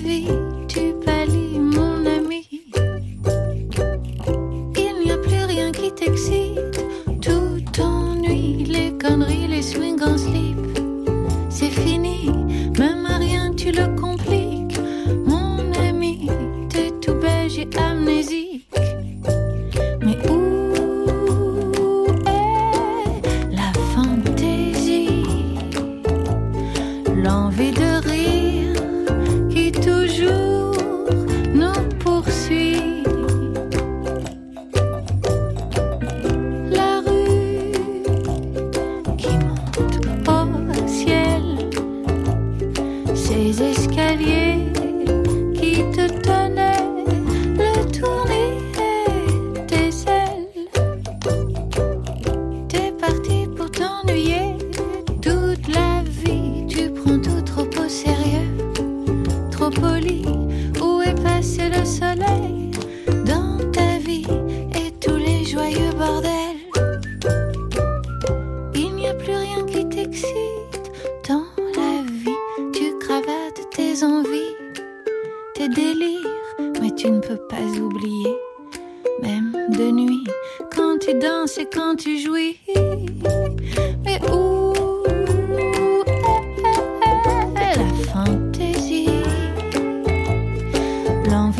vie, tu passes.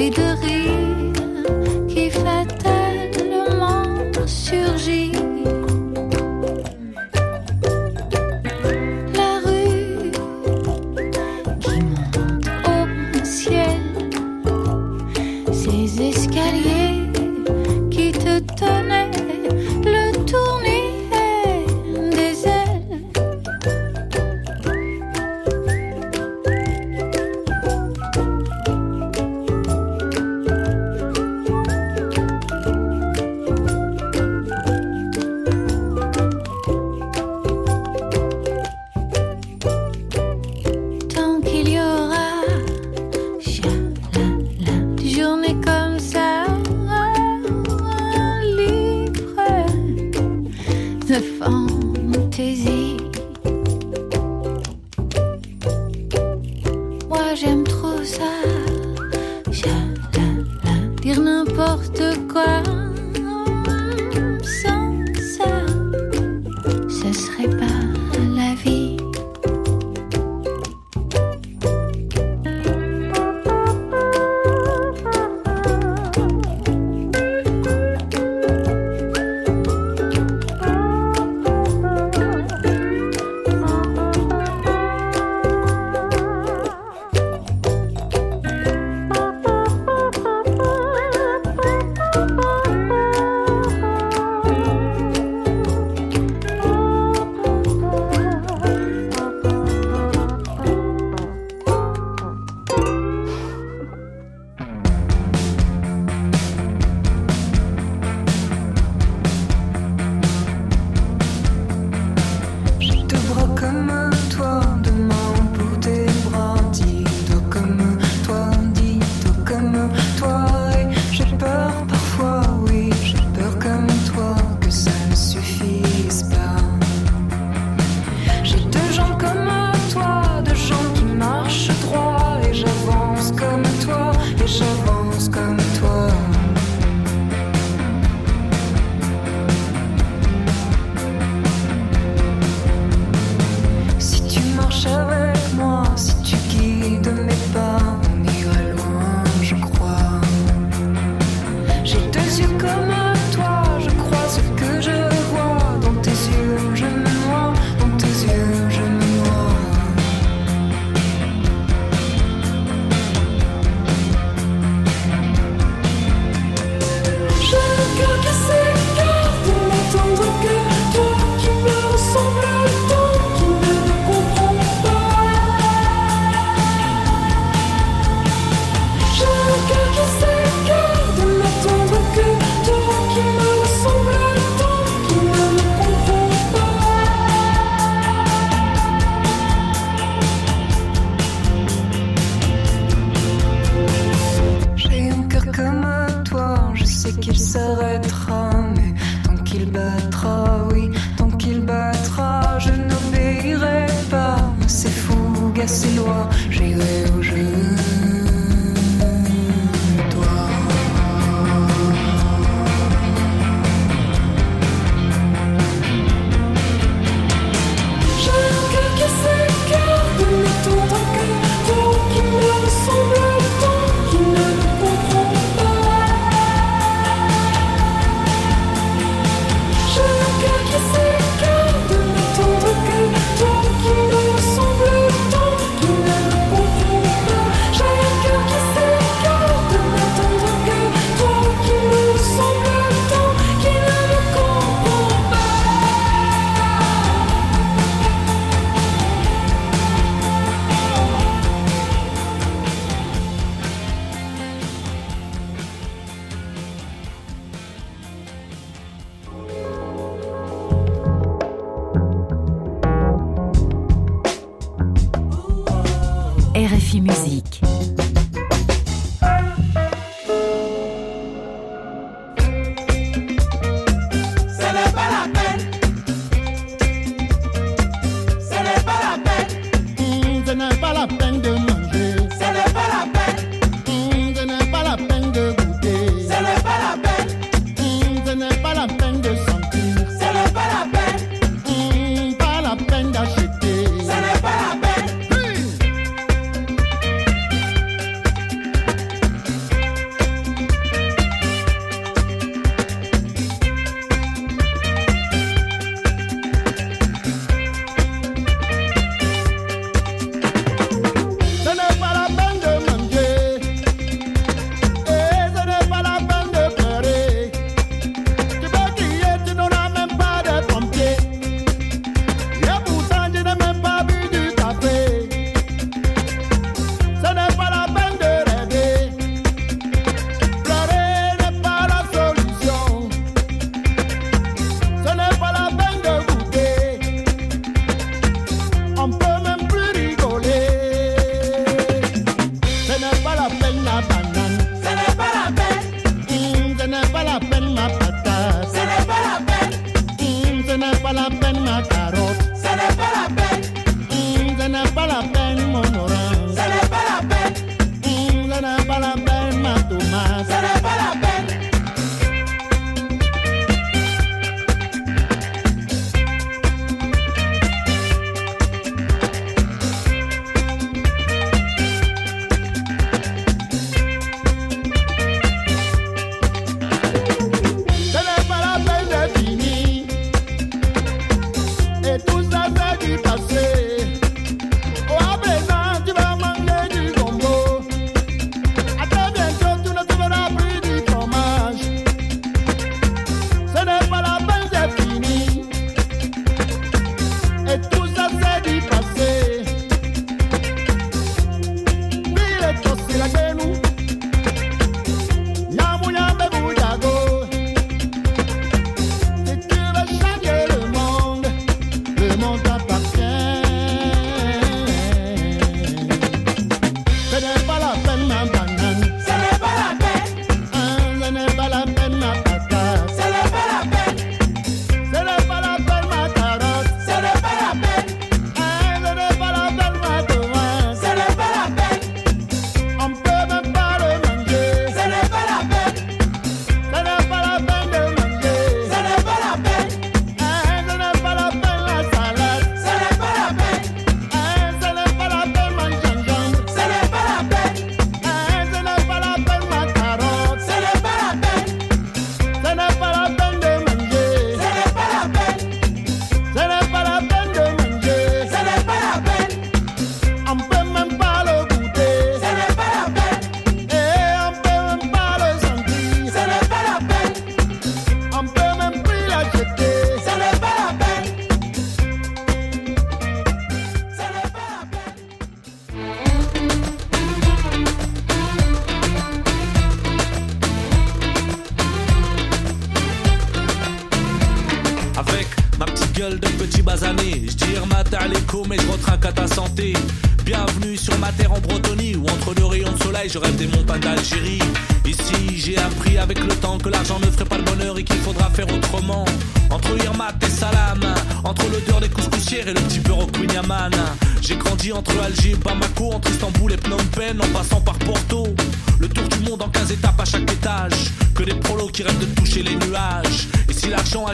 et de rire.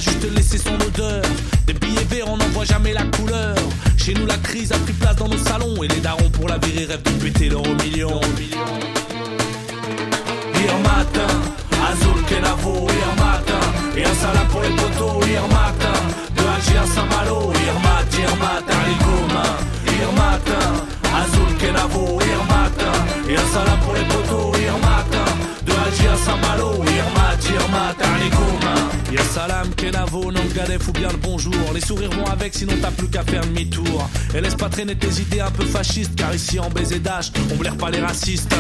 juste les Les sourires vont avec, sinon t'as plus qu'à faire demi-tour. Et laisse pas traîner tes idées un peu fascistes, car ici en baiser on blaire pas les racistes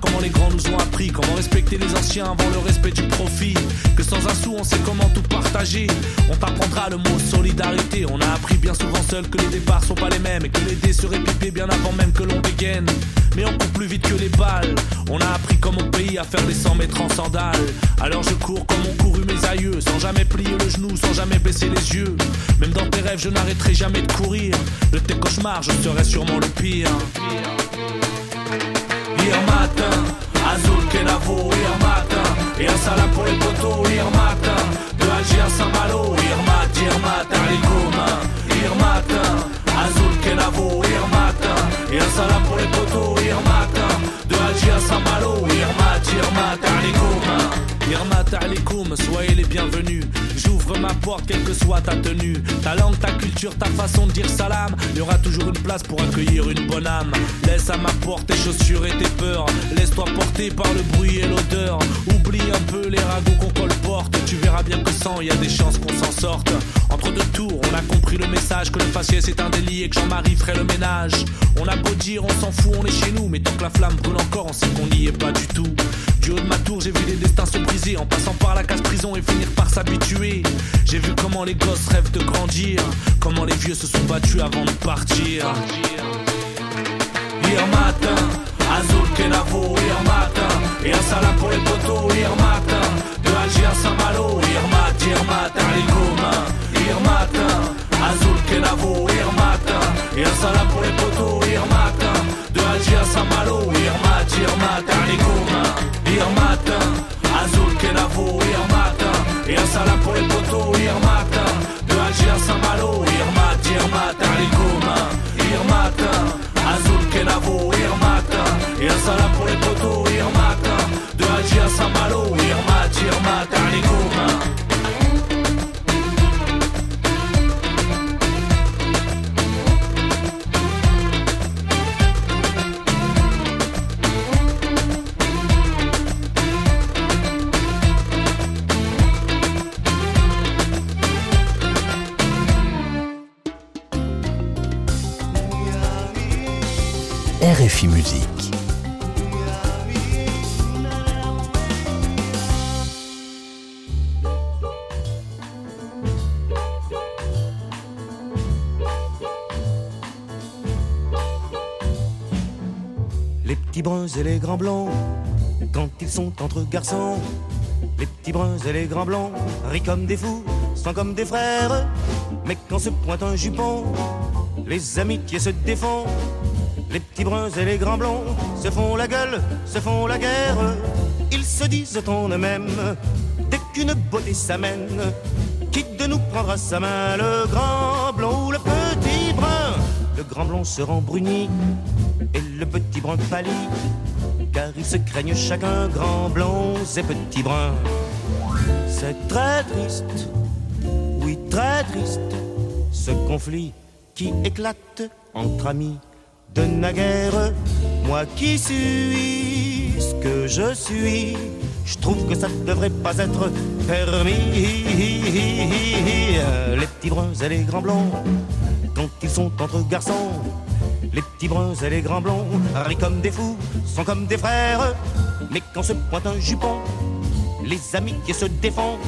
comment les grands nous ont appris, comment respecter les anciens avant le respect du profit. Que sans un sou, on sait comment tout partager. On t'apprendra le mot solidarité. On a appris bien souvent seul que les départs sont pas les mêmes et que les dés seraient pipés bien avant même que l'on dégaine. Mais on court plus vite que les balles. On a appris comme au pays à faire les 100 mètres en sandales. Alors je cours comme ont couru mes aïeux, sans jamais plier le genou, sans jamais baisser les yeux. Même dans tes rêves, je n'arrêterai jamais de courir. De tes cauchemars, je serai sûrement le pire que Azul Kenavo, matin Et un salam pour les poteaux, irmata De Alger à Saint-Malo, Irmata, Irmata, Arigoma Irmatin, Azul Kenavo, Irmata, Et un salam pour les poteaux, Irmata. De Alger à Saint-Malo, Irmata, les Irmata. Irma, alikoum, soyez les bienvenus. J'ouvre ma porte, quelle que soit ta tenue. Ta langue, ta culture, ta façon de dire salam. Il y aura toujours une place pour accueillir une bonne âme. Laisse à ma porte tes chaussures et tes peurs. Laisse-toi porter par le bruit et l'odeur. Oublie un peu les ragots qu'on colporte. Tu verras bien que sans, il y a des chances qu'on s'en sorte. Entre deux tours, on a compris le message que le faciès est un délit et que Jean-Marie ferait le ménage. On a beau dire, on s'en fout, on est chez nous. Mais tant que la flamme brûle encore, on sait qu'on n'y est pas du tout. Du haut de ma tour, j'ai vu les destins se briser en passant par la case prison et finir par s'habituer. J'ai vu comment les gosses rêvent de grandir, comment les vieux se sont battus avant de partir. Hier matin, Azul Kenavo, hier matin, et un salam pour les poteaux, hier matin, de Alger à Saint-Malo, hier matin, hier matin, les communs, hier matin, Azul Kenavo, hier matin. Et un salat pour les poteaux, Irmata. De agir à Saint-Malo, Irmat, Irmat, Alikouma, Irmatin. Azul, Kenavo, Irmatin. Et un salat pour les poteaux, irmata, De agir à Saint-Malo, Irmat, Irmat, Alikouma, Irmatin. Azul, Kenavo, Irmatin. Et un salat sont entre garçons. Les petits bruns et les grands blonds rient comme des fous, sont comme des frères. Mais quand se pointe un jupon, les amitiés se défendent Les petits bruns et les grands blonds se font la gueule, se font la guerre. Ils se disent en eux-mêmes, dès qu'une beauté s'amène, qui de nous prendra sa main, le grand blond ou le petit brun Le grand blond se rend bruni et le petit brun pâlit car ils se craignent chacun grand blancs et petits bruns. C'est très triste, oui très triste, ce conflit qui éclate entre amis de naguère. Moi qui suis ce que je suis, je trouve que ça ne devrait pas être permis. Les petits bruns et les grands blancs quand ils sont entre garçons, les petits bruns et les grands blonds rient comme des fous, sont comme des frères. Mais quand se pointe un jupon, les amis qui se défendent.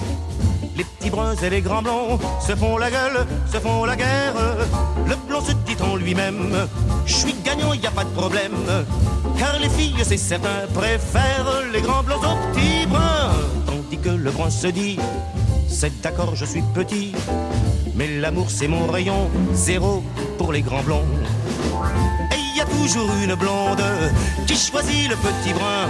Les petits bruns et les grands blonds se font la gueule, se font la guerre. Le blond se dit en lui-même, je suis gagnant, y a pas de problème. Car les filles, c'est certain, préfèrent les grands blonds aux petits bruns. Tandis que le brun se dit, c'est d'accord, je suis petit. Mais l'amour, c'est mon rayon, zéro pour les grands blonds. Et il y a toujours une blonde qui choisit le petit brun.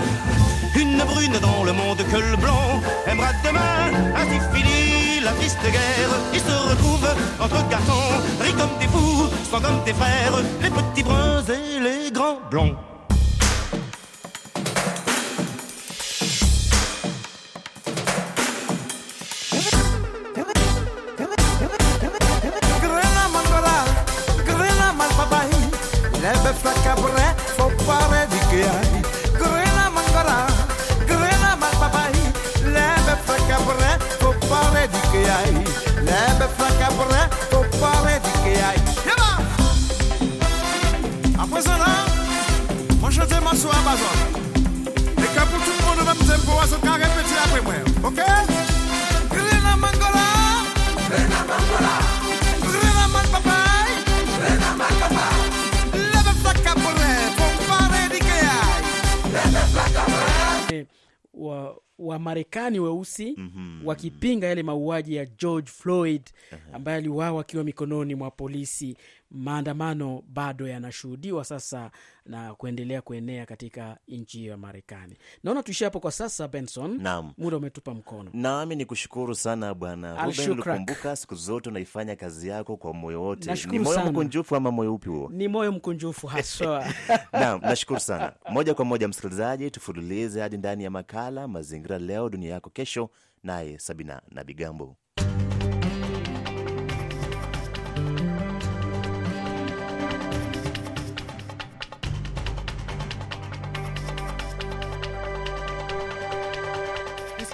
Une brune dans le monde que le blanc aimera demain. Ainsi fini la triste guerre. Ils se retrouvent entre garçons, Rient comme des fous, sont comme des frères, les petits bruns et les grands blonds. Wa Wamarekani weusi mm -hmm. wakipinga yale mauaji ya George Floyd uh -huh ambaye aliuawa akiwa mikononi mwa polisi. Maandamano bado yanashuhudiwa sasa na kuendelea kuenea katika nchi ya Marekani. Naona tuishie hapo kwa sasa, Benson. Naam, muda umetupa mkono, nami ni kushukuru sana Bwana Ruben Siku zote unaifanya kazi yako kwa moyo wote. Ni moyo mkunjufu ama moyo upi huo? Ni moyo mkunjufu haswa. Naam, nashukuru sana. Moja kwa moja, msikilizaji, tufululize hadi ndani ya makala Mazingira Leo Dunia Yako Kesho, naye Sabina na Bigambo.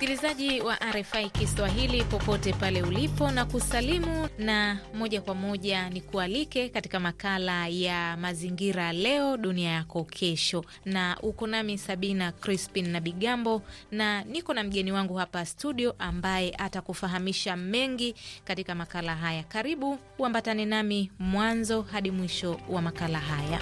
msikilizaji wa RFI Kiswahili popote pale ulipo na kusalimu, na moja kwa moja ni kualike katika makala ya mazingira leo dunia yako kesho, na uko nami Sabina Crispin na Bigambo, na niko na mgeni wangu hapa studio ambaye atakufahamisha mengi katika makala haya. Karibu uambatane nami mwanzo hadi mwisho wa makala haya.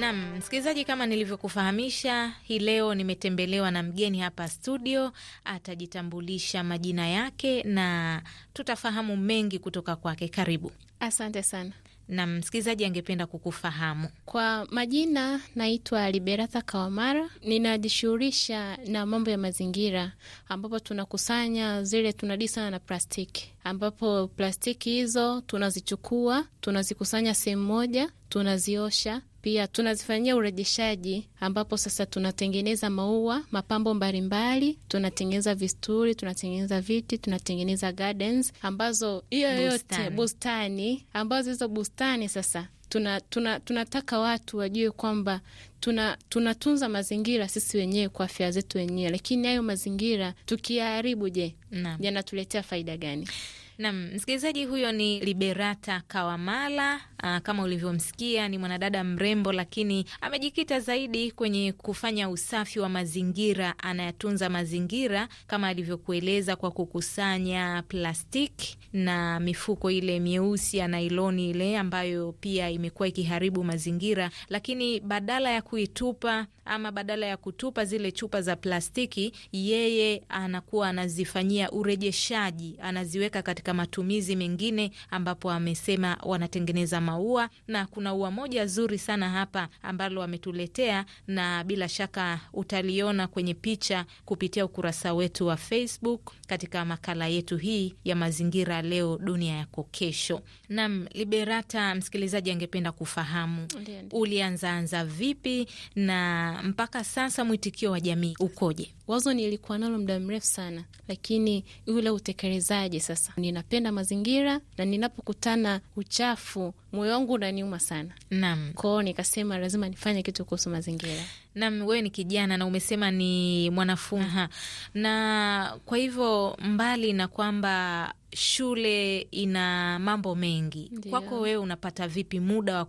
Nam msikilizaji, kama nilivyokufahamisha, hii leo nimetembelewa na mgeni hapa studio. Atajitambulisha majina yake na tutafahamu mengi kutoka kwake. Karibu. Asante sana. Na msikilizaji angependa kukufahamu kwa majina. Naitwa Liberatha Kawamara, ninajishughulisha na mambo ya mazingira, ambapo tunakusanya zile tunadii sana na plastiki, ambapo plastiki hizo tunazichukua tunazikusanya sehemu moja, tunaziosha pia tunazifanyia urejeshaji ambapo sasa tunatengeneza maua, mapambo mbalimbali, tunatengeneza visturi, tunatengeneza viti, tunatengeneza gardens ambazo hiyo yote bustani, ambazo hizo bustani sasa tuna, tuna, tunataka watu wajue kwamba tuna, tunatunza mazingira sisi wenyewe kwa afya zetu wenyewe, lakini hayo mazingira tukiyaharibu, je, yanatuletea faida gani? Nam msikilizaji huyo ni Liberata Kawamala. Aa, ah, kama ulivyomsikia ni mwanadada mrembo, lakini amejikita zaidi kwenye kufanya usafi wa mazingira. Anayatunza mazingira kama alivyokueleza kwa kukusanya plastiki na mifuko ile myeusi ya nailoni ile ambayo pia imekuwa ikiharibu mazingira, lakini badala ya kuitupa ama badala ya kutupa zile chupa za plastiki, yeye anakuwa anazifanyia urejeshaji, anaziweka katika katika matumizi mengine, ambapo amesema wanatengeneza maua na kuna ua moja zuri sana hapa ambalo wametuletea, na bila shaka utaliona kwenye picha kupitia ukurasa wetu wa Facebook katika makala yetu hii ya mazingira, leo dunia yako kesho. Nam Liberata, msikilizaji angependa kufahamu ulianzaanza vipi na mpaka sasa mwitikio wa jamii ukoje? wazo nilikuwa nalo muda mrefu sana, lakini ule utekelezaji sasa. Ninapenda mazingira na ninapokutana uchafu moyo wangu unaniuma sana. Naam, kwao nikasema lazima nifanye kitu kuhusu mazingira. Naam, wewe ni kijana na umesema ni mwanafunzi na kwa hivyo mbali na kwamba shule ina mambo mengi Ndiyo. Kwako wewe unapata vipi muda wa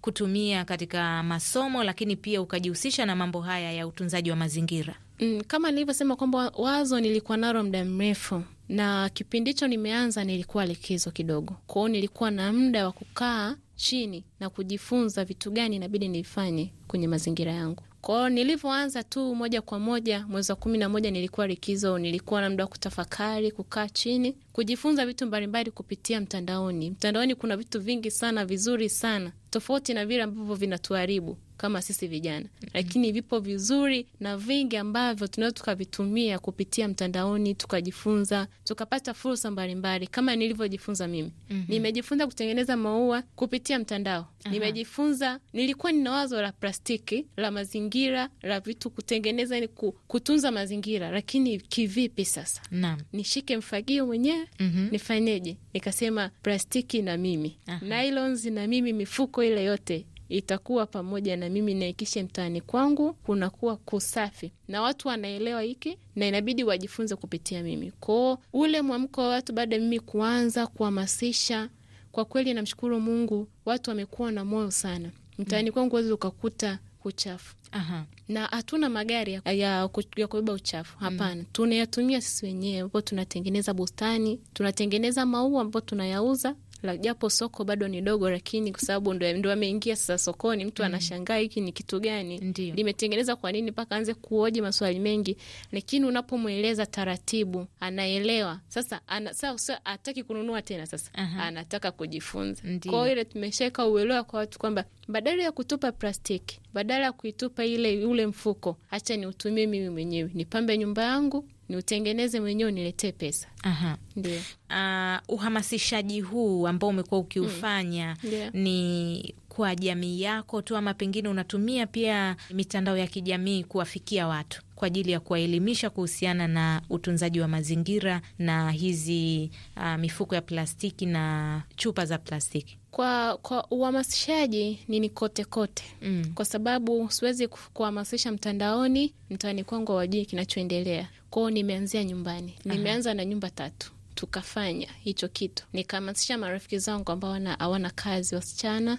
kutumia katika masomo, lakini pia ukajihusisha na mambo haya ya utunzaji wa mazingira? Mm, kama nilivyosema kwamba wazo nilikuwa nalo muda mrefu, na kipindi hicho nimeanza nilikuwa likizo kidogo, kwao nilikuwa na muda wa kukaa chini na kujifunza vitu gani inabidi nifanye kwenye mazingira yangu. Kwao nilivyoanza tu moja kwa moja mwezi wa kumi na moja nilikuwa likizo, nilikuwa na muda wa kutafakari, kukaa chini, kujifunza vitu mbalimbali kupitia mtandaoni. Mtandaoni kuna vitu vingi sana vizuri sana, tofauti na vile ambavyo vinatuharibu kama sisi vijana mm -hmm. Lakini vipo vizuri na vingi ambavyo tunaweza tukavitumia kupitia mtandaoni, tukajifunza, tukapata fursa mbalimbali, kama nilivyojifunza mimi mm -hmm. Nimejifunza kutengeneza maua kupitia mtandao Aha. Nimejifunza, nilikuwa nina wazo la plastiki la mazingira la vitu kutengeneza, ni kutunza mazingira, lakini kivipi sasa? Naam. Nishike mfagio mwenyewe mm -hmm. Nifanyeje? Nikasema plastiki na mimi, nailons na mimi, mifuko ile yote itakuwa pamoja na mimi naikishe mtaani kwangu kunakuwa kusafi na watu wanaelewa hiki na inabidi wajifunze kupitia mimi. Kwao ule mwamko wa watu baada ya mimi kuanza kuhamasisha, kwa kweli namshukuru Mungu, watu wamekuwa na moyo sana. Mtaani mm. kwangu wezi ukakuta uchafu. Aha. Na hatuna magari ya, ya, kubeba uchafu hapana. Mm. Tunayatumia sisi wenyewe, ambao tunatengeneza bustani, tunatengeneza maua ambao tunayauza la, japo soko bado ni dogo, lakini kwa sababu ndo, ameingia sasa sokoni, mtu mm. anashangaa hiki ni kitu gani limetengeneza, kwa nini mpaka anze kuoji maswali mengi, lakini unapomweleza taratibu anaelewa. Sasa ana, sasa, sa, hataki kununua tena sasa uh-huh. anataka kujifunza. Kwa hiyo ile tumeshaweka uelewa kwa watu kwamba badala ya kutupa plastiki, badala ya kuitupa ile ule mfuko, hacha niutumie mimi mwenyewe, nipambe nyumba yangu niutengeneze mwenyewe uniletee pesa. Aha. Uh, uhamasishaji huu ambao umekuwa ukiufanya mm. ni kwa jamii yako tu ama pengine unatumia pia mitandao ya kijamii kuwafikia watu kwa ajili ya kuwaelimisha kuhusiana na utunzaji wa mazingira na hizi uh, mifuko ya plastiki na chupa za plastiki? Kwa, kwa uhamasishaji nini kote kote mm. kwa sababu siwezi kuhamasisha mtandaoni, mtaani kwangu hawajui kinachoendelea. Kwao nimeanzia nyumbani, nimeanza Aha. na nyumba tatu tukafanya hicho kitu, nikahamasisha marafiki zangu ambao hawana kazi, wasichana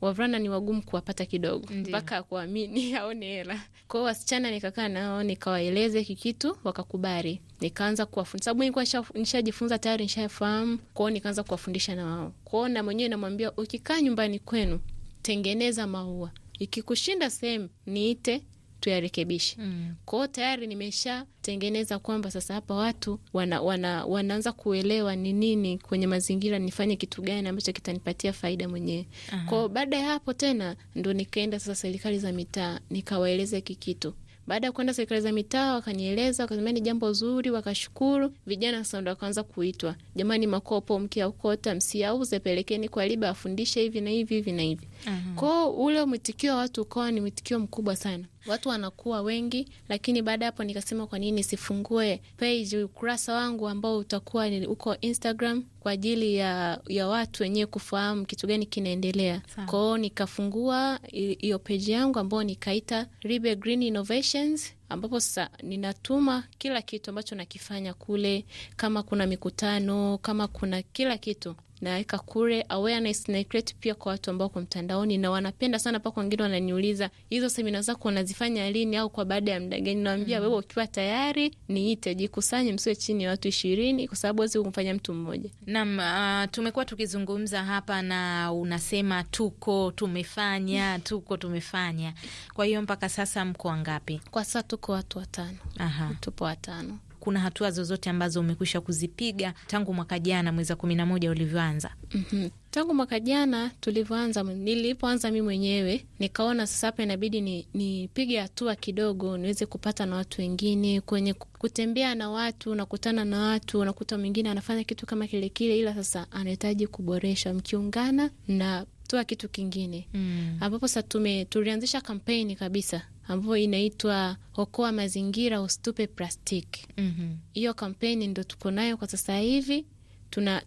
wavulana ni wagumu kuwapata kidogo, mpaka akuamini aone hela. kwao wasichana nikakaa nao nikawaeleza hiki kitu, wakakubali. Nikaanza kuwafundisha sababu nikuwa nishajifunza tayari, nishafahamu. kwao nikaanza kuwafundisha na wao. kwao na mwenyewe namwambia, ukikaa nyumbani kwenu tengeneza maua, ikikushinda sehemu niite tuyarekebishe. Mm. Kwao hiyo tayari nimeshatengeneza kwamba sasa hapa watu wana, wana, wanaanza kuelewa ni nini kwenye mazingira, nifanye kitu gani ambacho kitanipatia faida mwenyewe. Kwao baada ya hapo tena ndo nikaenda sasa serikali za mitaa nikawaeleza hiki kitu. Baada ya kuenda serikali za mitaa wakanieleza, wakasema ni jambo zuri, wakashukuru. Vijana sasa ndo wakaanza kuitwa, jamani, makopo mkiaukota msiauze, pelekeni kwa Liba afundishe hivi na hivi hivi na hivi. Uhum. Kwao ule mwitikio wa watu ukawa ni mwitikio mkubwa sana, watu wanakuwa wengi. Lakini baada ya hapo nikasema kwa nini sifungue page, ukurasa wangu ambao utakuwa uko Instagram kwa ajili ya, ya watu wenyewe kufahamu kitu gani kinaendelea. Kwao nikafungua hiyo peji yangu ambayo nikaita Ribe Green Innovations ambapo sasa ninatuma kila kitu ambacho nakifanya kule, kama kuna mikutano, kama kuna kila kitu naweka kule awareness na create pia kwa watu ambao kwa mtandaoni na wanapenda sana pako. Wengine wananiuliza hizo semina zako unazifanya lini au kwa baada ya muda gani? Naambia mm -hmm. wewe ukiwa tayari niite, jikusanye, msiwe chini ya watu ishirini kwa sababu wezi kumfanya mtu mmoja. Naam, uh, tumekuwa tukizungumza hapa na unasema tuko tumefanya tuko tumefanya. Kwa hiyo mpaka sasa mko wangapi? Kwa sasa tuko watu watano. Aha. tupo watano kuna hatua zozote ambazo umekwisha kuzipiga tangu mwaka jana mwezi wa kumi na moja ulivyoanza? mm -hmm. Tangu mwaka jana tulivyoanza, nilipoanza mi mwenyewe nikaona sasa hapa inabidi nipige ni hatua kidogo, niweze kupata na watu wengine, kwenye kutembea na watu, unakutana na watu, unakuta mwingine anafanya kitu kama kilekile, ila sasa anahitaji kuboresha, mkiungana na toa kitu kingine mm. Ambapo sasa tume tulianzisha kampeni kabisa ambayo inaitwa okoa mazingira usitupe plastiki. mm hiyo -hmm. kampeni ndo tuko nayo kwa sasa hivi tuna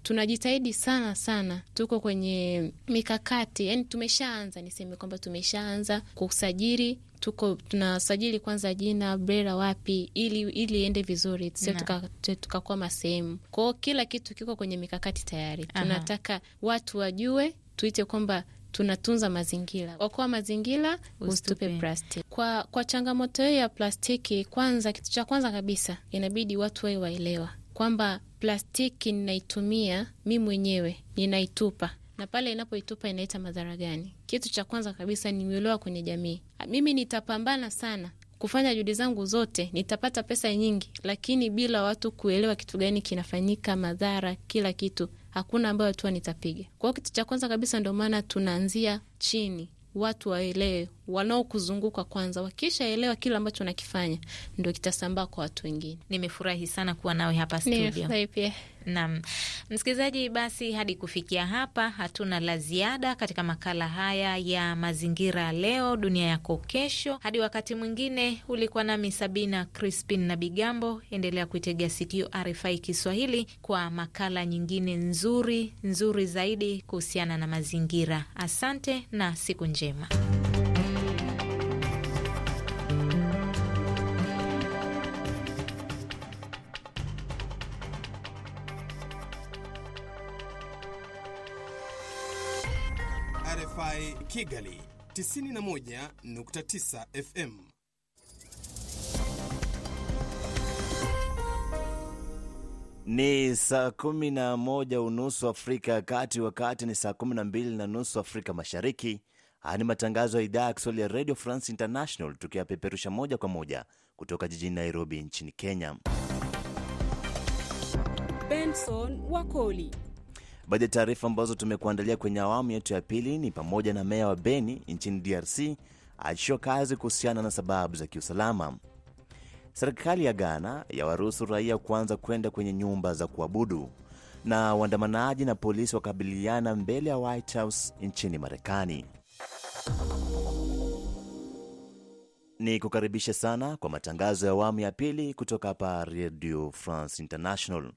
sana sana, tuko kwenye mikakati yani, tumeshaanza niseme kwamba tumeshaanza kusajili, tuko tunasajili kwanza jina BRELA wapi, ili ili iende vizuri, sio tukakuwa tuka masehemu kwao. Kila kitu kiko kwenye mikakati tayari, tunataka watu wajue tuite kwamba tunatunza mazingira. Okoa mazingira, usitupe plastiki. Kwa, kwa changamoto hiyo ya plastiki, kwanza, kitu cha kwanza kabisa inabidi watu wawe waelewa kwamba plastiki ninaitumia mi mwenyewe, ninaitupa na pale inapoitupa inaita madhara gani? Kitu cha kwanza kabisa ni kwenye jamii. Mimi nitapambana sana kufanya juhudi zangu zote, nitapata pesa nyingi, lakini bila watu kuelewa kitu gani kinafanyika, madhara, kila kitu hakuna ambayo hatua nitapiga. Kwa hiyo kitu cha kwanza kabisa, ndio maana tunaanzia chini, watu waelewe, wanaokuzunguka kwanza. Wakishaelewa kile ambacho nakifanya, ndo kitasambaa kwa watu wengine. Nimefurahi sana kuwa nawe hapa studio. Nimefurahi pia. Naam, msikilizaji, basi hadi kufikia hapa hatuna la ziada katika makala haya ya mazingira leo dunia yako kesho. Hadi wakati mwingine, ulikuwa nami Sabina Crispin na Bigambo. Endelea kuitegea sikio RFI Kiswahili kwa makala nyingine nzuri nzuri zaidi kuhusiana na mazingira. Asante na siku njema. RFI Kigali 91.9 FM. Ni saa kumi na moja unusu Afrika ya Kati, wakati ni saa kumi na mbili na nusu Afrika Mashariki. Haya ni matangazo ya idhaa ya Kiswahili ya Radio France International, tukiyapeperusha moja kwa moja kutoka jijini Nairobi nchini Kenya. Benson Wakoli Baadhi ya taarifa ambazo tumekuandalia kwenye awamu yetu ya pili ni pamoja na meya wa Beni nchini DRC aachishwa kazi kuhusiana na sababu za kiusalama. Serikali ya Ghana yawaruhusu raia kuanza kwenda kwenye nyumba za kuabudu, na waandamanaji na polisi wakabiliana mbele ya White House nchini Marekani. Ni kukaribisha sana kwa matangazo ya awamu ya pili kutoka hapa Radio France International.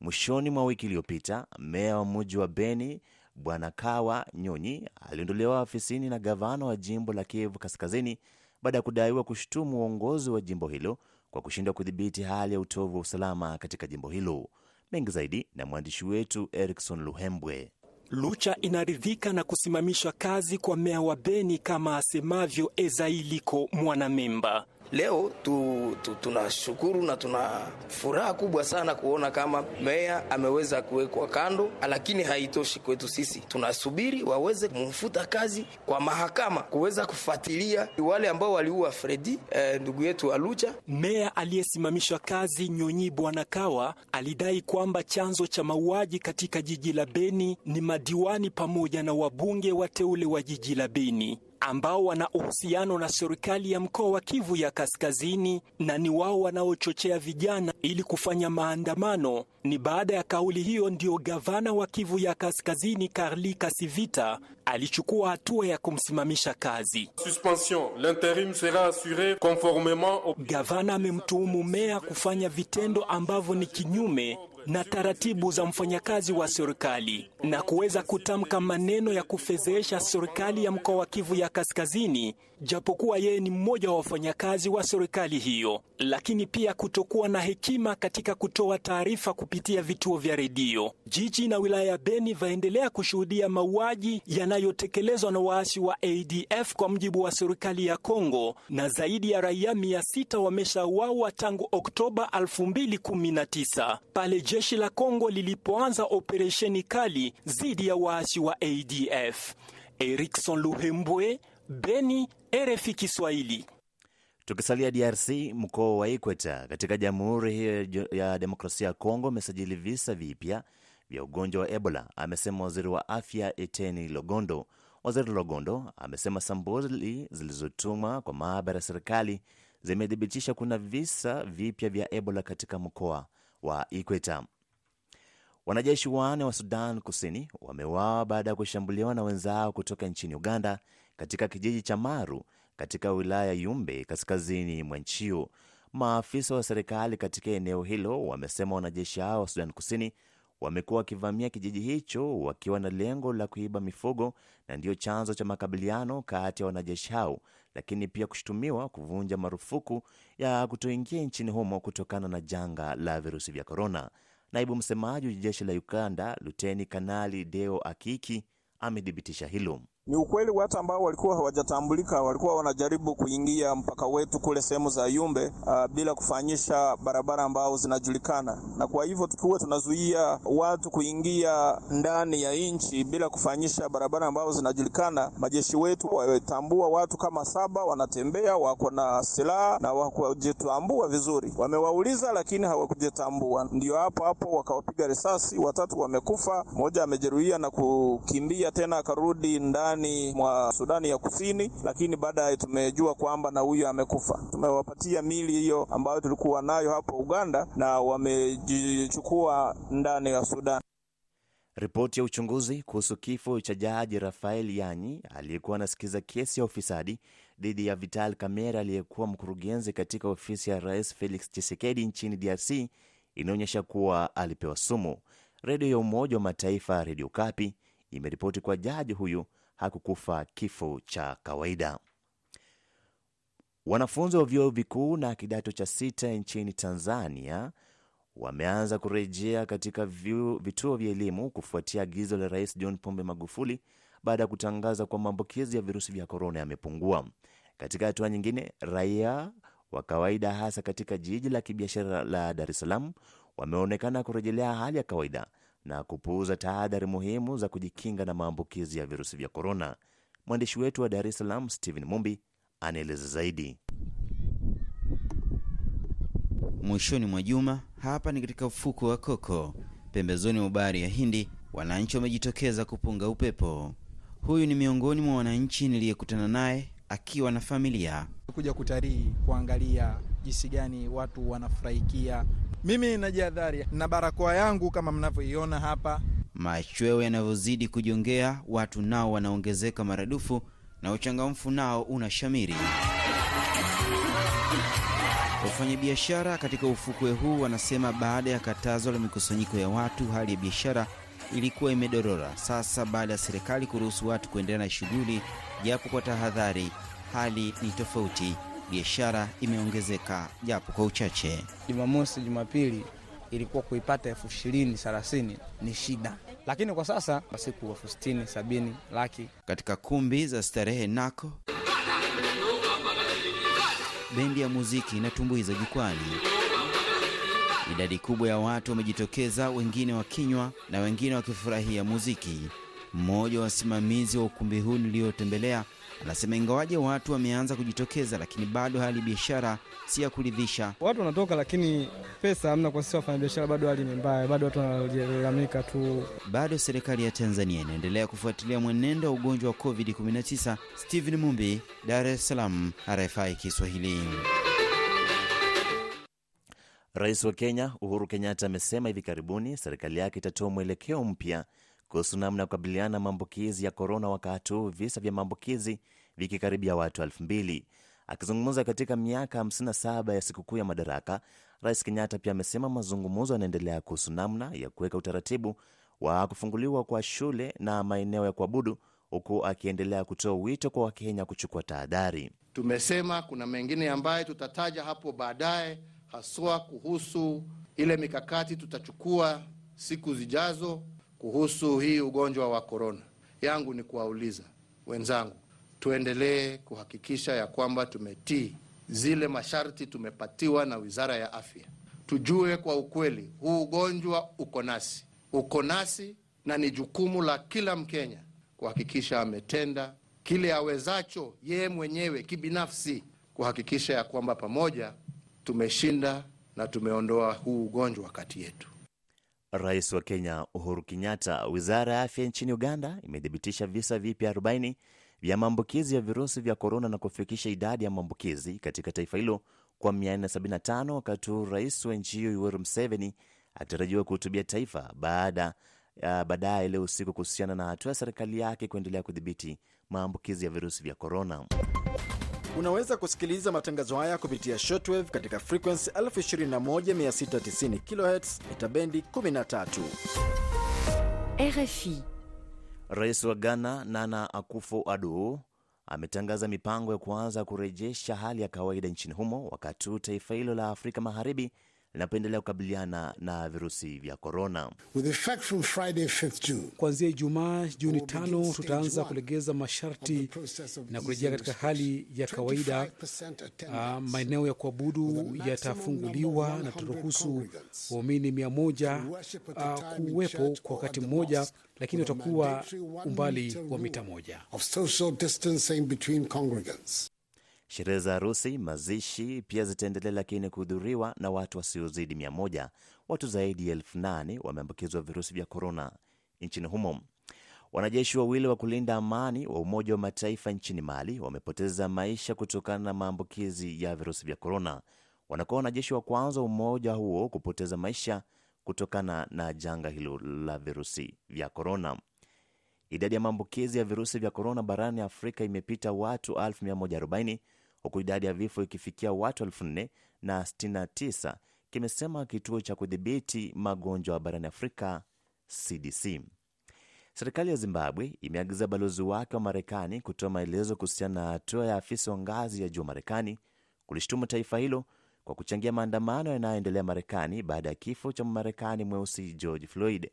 Mwishoni mwa wiki iliyopita, meya wa mji wa Beni Bwana Kawa Nyonyi aliondolewa ofisini na gavana wa jimbo la Kivu Kaskazini baada ya kudaiwa kushutumu uongozi wa jimbo hilo kwa kushindwa kudhibiti hali ya utovu wa usalama katika jimbo hilo. Mengi zaidi na mwandishi wetu Erikson Luhembwe. Lucha inaridhika na kusimamishwa kazi kwa meya wa Beni kama asemavyo Ezailiko Mwanamemba. Leo tu, tu, tunashukuru na tuna furaha kubwa sana kuona kama meya ameweza kuwekwa kando, lakini haitoshi kwetu sisi. Tunasubiri waweze kumfuta kazi kwa mahakama kuweza kufuatilia wale ambao waliua Fredi eh, ndugu yetu Alucha. Meya aliyesimamishwa kazi Nyonyi Bwana Kawa alidai kwamba chanzo cha mauaji katika jiji la Beni ni madiwani pamoja na wabunge wateule wa jiji la Beni ambao wana uhusiano na serikali ya mkoa wa Kivu ya Kaskazini na ni wao wanaochochea vijana ili kufanya maandamano. Ni baada ya kauli hiyo ndio gavana wa Kivu ya Kaskazini Karli Kasivita alichukua hatua ya kumsimamisha kazi. Suspension, l'interim sera assure conformement au... Gavana amemtuhumu meya kufanya vitendo ambavyo ni kinyume na taratibu za mfanyakazi wa serikali na kuweza kutamka maneno ya kufedhehesha serikali ya mkoa wa Kivu ya Kaskazini japokuwa yeye ni mmoja wa wafanyakazi wa serikali hiyo, lakini pia kutokuwa na hekima katika kutoa taarifa kupitia vituo vya redio. Jiji na wilaya ya Beni vaendelea kushuhudia mauaji yanayotekelezwa na waasi wa ADF kwa mjibu wa serikali ya Kongo, na zaidi ya raia mia sita wameshauawa tangu Oktoba 2019 pale jeshi la Kongo lilipoanza operesheni kali dhidi ya waasi wa ADF. Erikson Luhembwe Beni, RFI Kiswahili. Tukisalia DRC, mkoa wa Ikweta katika Jamhuri ya Demokrasia ya Kongo umesajili visa vipya vya ugonjwa wa Ebola, amesema waziri wa afya Eteni Logondo. Waziri Logondo amesema sampuli zilizotumwa kwa maabara ya serikali zimethibitisha kuna visa vipya vya Ebola katika mkoa wa Ikweta. Wanajeshi wanne wa Sudan Kusini wameuawa baada ya kushambuliwa na wenzao kutoka nchini Uganda katika kijiji cha Maru katika wilaya Yumbe kaskazini mwa nchio. Maafisa wa serikali katika eneo hilo wamesema wanajeshi hao wa Sudan Kusini wamekuwa wakivamia kijiji hicho wakiwa na lengo la kuiba mifugo na ndiyo chanzo cha makabiliano kati ya wanajeshi hao, lakini pia kushutumiwa kuvunja marufuku ya kutoingia nchini humo kutokana na janga la virusi vya korona. Naibu msemaji wa jeshi la Uganda, Luteni Kanali Deo Akiki, amethibitisha hilo. Ni ukweli watu ambao walikuwa hawajatambulika walikuwa wanajaribu kuingia mpaka wetu kule sehemu za Yumbe uh, bila kufanyisha barabara ambao zinajulikana, na kwa hivyo tukiwa tunazuia watu kuingia ndani ya nchi bila kufanyisha barabara ambao zinajulikana, majeshi wetu wametambua watu kama saba wanatembea, wako na silaha na wakujitambua vizuri. Wamewauliza lakini hawakujitambua, ndio hapo hapo wakawapiga risasi, watatu wamekufa, mmoja amejeruhiwa na kukimbia tena akarudi ndani ndani mwa Sudani ya Kusini, lakini baadaye tumejua kwamba na huyo amekufa. Tumewapatia mili hiyo ambayo tulikuwa nayo hapo Uganda na wamejichukua ndani ya sudan Ripoti ya uchunguzi kuhusu kifo cha jaji Rafael Yanyi aliyekuwa anasikiza kesi ya ufisadi dhidi ya Vital Kamerhe aliyekuwa mkurugenzi katika ofisi ya Rais Felix Tshisekedi nchini DRC inaonyesha kuwa alipewa sumu. Redio ya Umoja wa Mataifa Redio Kapi imeripoti kwa jaji huyu hakukufa kifo cha kawaida. Wanafunzi wa vyuo vikuu na kidato cha sita nchini Tanzania wameanza kurejea katika vituo vya elimu kufuatia agizo la Rais John Pombe Magufuli baada ya kutangaza kwa maambukizi ya virusi vya korona yamepungua. Katika hatua nyingine, raia wa kawaida hasa katika jiji la kibiashara la Dar es Salaam wameonekana kurejelea hali ya kawaida na kupuuza tahadhari muhimu za kujikinga na maambukizi ya virusi vya korona. Mwandishi wetu wa Dar es Salaam Stephen Mumbi anaeleza zaidi. Mwishoni mwa juma hapa ni katika ufuku wa Koko, pembezoni mwa bahari ya Hindi, wananchi wamejitokeza kupunga upepo. Huyu ni miongoni mwa wananchi niliyekutana naye akiwa na familia kuja kutalii kuangalia jinsi gani watu wanafurahikia. Mimi najihadhari na barakoa yangu kama mnavyoiona hapa. Machweo yanavyozidi kujongea, watu nao wanaongezeka maradufu na uchangamfu nao unashamiri. Wafanyabiashara katika ufukwe huu wanasema baada ya katazo la mikusanyiko ya watu, hali ya biashara ilikuwa imedorora. Sasa baada ya serikali kuruhusu watu kuendelea na shughuli, japo kwa tahadhari, hali ni tofauti biashara imeongezeka japo kwa uchache. Jumamosi, Jumapili ilikuwa kuipata elfu ishirini thelathini ni shida, lakini kwa sasa siku elfu sitini sabini laki. Katika kumbi za starehe nako bendi ya muziki inatumbuiza jukwani. Idadi kubwa ya watu wamejitokeza, wengine wakinywa na wengine wakifurahia muziki. Mmoja wa wasimamizi wa ukumbi huu niliyotembelea Anasema ingawaje watu wameanza kujitokeza, lakini bado hali biashara si ya kuridhisha. Watu wanatoka, lakini pesa hamna. Kwa sisi biashara bado hali ni mbaya, bado watu wanalalamika tu. Bado serikali ya Tanzania inaendelea kufuatilia mwenendo wa ugonjwa wa COVID-19. Steven Mumbi, Dar es Salaam, RFI Kiswahili. Rais wa Kenya Uhuru Kenyatta amesema hivi karibuni serikali yake itatoa mwelekeo mpya kuhusu namna ya kukabiliana na maambukizi ya korona, wakati huu visa vya maambukizi vikikaribia watu 2000 Akizungumza katika miaka 57 ya sikukuu ya Madaraka, Rais Kenyatta pia amesema mazungumzo yanaendelea kuhusu namna ya kuweka utaratibu wa kufunguliwa kwa shule na maeneo ya kuabudu, huku akiendelea kutoa wito kwa Wakenya kuchukua tahadhari. Tumesema kuna mengine ambayo tutataja hapo baadaye, haswa kuhusu ile mikakati tutachukua siku zijazo kuhusu hii ugonjwa wa korona, yangu ni kuwauliza wenzangu, tuendelee kuhakikisha ya kwamba tumetii zile masharti tumepatiwa na Wizara ya Afya. Tujue kwa ukweli huu ugonjwa uko nasi, uko nasi, na ni jukumu la kila Mkenya kuhakikisha ametenda kile awezacho yeye mwenyewe kibinafsi kuhakikisha ya kwamba pamoja tumeshinda na tumeondoa huu ugonjwa kati yetu. Rais wa Kenya Uhuru Kenyatta. Wizara ya afya nchini Uganda imethibitisha visa vipya 40 vya maambukizi ya virusi vya korona na kufikisha idadi ya maambukizi katika taifa hilo kwa 475 wakati huu rais wa nchi hiyo Yoweri Museveni akitarajiwa kuhutubia taifa baada uh, baadaye leo usiku kuhusiana na hatua ya serikali yake kuendelea kudhibiti maambukizi ya virusi vya korona. Unaweza kusikiliza matangazo haya kupitia shortwave katika frekuensi 21690 kHz mita bendi 13. RFI. Rais wa Ghana Nana Akufo-Addo ametangaza mipango ya kuanza kurejesha hali ya kawaida nchini humo wakati huu taifa hilo la Afrika Magharibi linapoendelea kukabiliana na virusi vya korona. Kuanzia Ijumaa Juni tano tutaanza kulegeza masharti na kurejea katika hali ya kawaida. Uh, maeneo ya kuabudu yatafunguliwa na tutaruhusu waumini mia moja uh, kuwepo kwa wakati mmoja, lakini utakuwa umbali wa mita moja. Sherehe za harusi, mazishi pia zitaendelea, lakini kuhudhuriwa na watu wasiozidi mia moja. Watu zaidi ya elfu nane wameambukizwa virusi vya korona nchini humo. Wanajeshi wawili wa kulinda amani wa Umoja wa Mataifa nchini Mali wamepoteza maisha kutokana na maambukizi ya virusi vya korona. Wanakuwa wanajeshi wa kwanza wa umoja huo kupoteza maisha kutokana na janga hilo la virusi vya korona. Idadi ya maambukizi ya virusi vya korona barani Afrika imepita watu 140 huku idadi ya vifo ikifikia watu 69 kimesema kituo cha kudhibiti magonjwa barani Afrika CDC. Serikali ya Zimbabwe imeagiza balozi wake wa Marekani kutoa maelezo kuhusiana na hatua ya afisa wa ngazi ya juu wa Marekani kulishtumu taifa hilo kwa kuchangia maandamano yanayoendelea Marekani baada ya kifo cha Mmarekani mweusi George Floyd.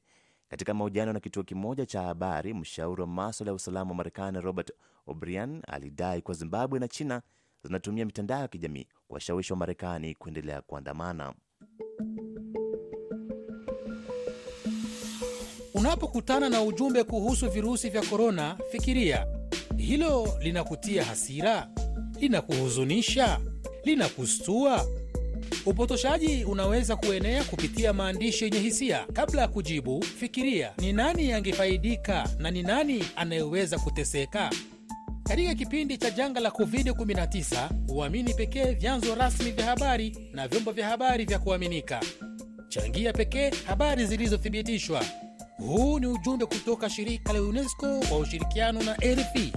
Katika mahojiano na kituo kimoja cha habari, mshauri wa maswala ya usalama wa Marekani Robert O'Brien alidai kuwa Zimbabwe na China zinatumia mitandao ya kijamii kuwashawishi wa Marekani kuendelea kuandamana. Unapokutana na ujumbe kuhusu virusi vya korona, fikiria hilo linakutia hasira, linakuhuzunisha, linakustua Upotoshaji unaweza kuenea kupitia maandishi yenye hisia. Kabla ya kujibu, fikiria ni nani angefaidika na ni nani anayeweza kuteseka. Katika kipindi cha janga la COVID-19, uamini pekee vyanzo rasmi vya habari na vyombo vya habari vya kuaminika. Changia pekee habari zilizothibitishwa. Huu ni ujumbe kutoka shirika la UNESCO kwa ushirikiano na RFI.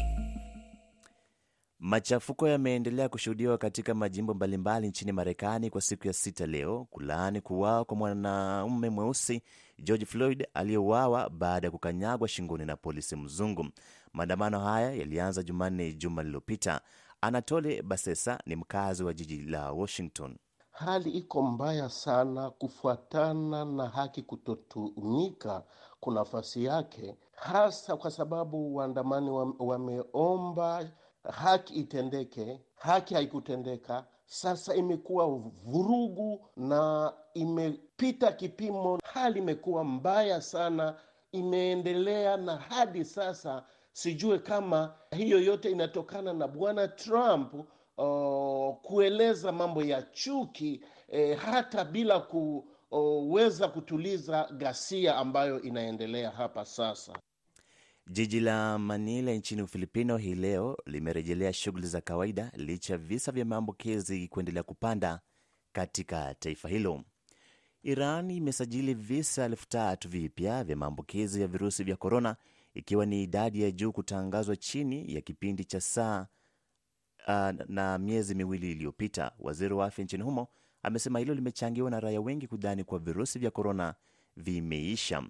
Machafuko yameendelea kushuhudiwa katika majimbo mbalimbali nchini Marekani kwa siku ya sita leo kulaani kuuawa kwa mwanaume mweusi George Floyd aliyeuawa baada ya kukanyagwa shingoni na polisi mzungu. Maandamano haya yalianza Jumanne juma lililopita. Anatole Basesa ni mkazi wa jiji la Washington. Hali iko mbaya sana, kufuatana na haki kutotumika kwa nafasi yake, hasa kwa sababu waandamani wameomba haki itendeke, haki haikutendeka. Sasa imekuwa vurugu na imepita kipimo, hali imekuwa mbaya sana, imeendelea na hadi sasa sijue kama hiyo yote inatokana na Bwana Trump uh, kueleza mambo ya chuki eh, hata bila kuweza oh, kutuliza ghasia ambayo inaendelea hapa sasa. Jiji la Manila nchini Ufilipino hii leo limerejelea shughuli za kawaida licha ya visa vya maambukizi kuendelea kupanda katika taifa hilo. Iran imesajili visa elfu tatu vipya vya maambukizi ya virusi vya korona, ikiwa ni idadi ya juu kutangazwa chini ya kipindi cha saa uh, na miezi miwili iliyopita. Waziri wa afya nchini humo amesema hilo limechangiwa na raia wengi kudhani kuwa virusi vya korona vimeisha.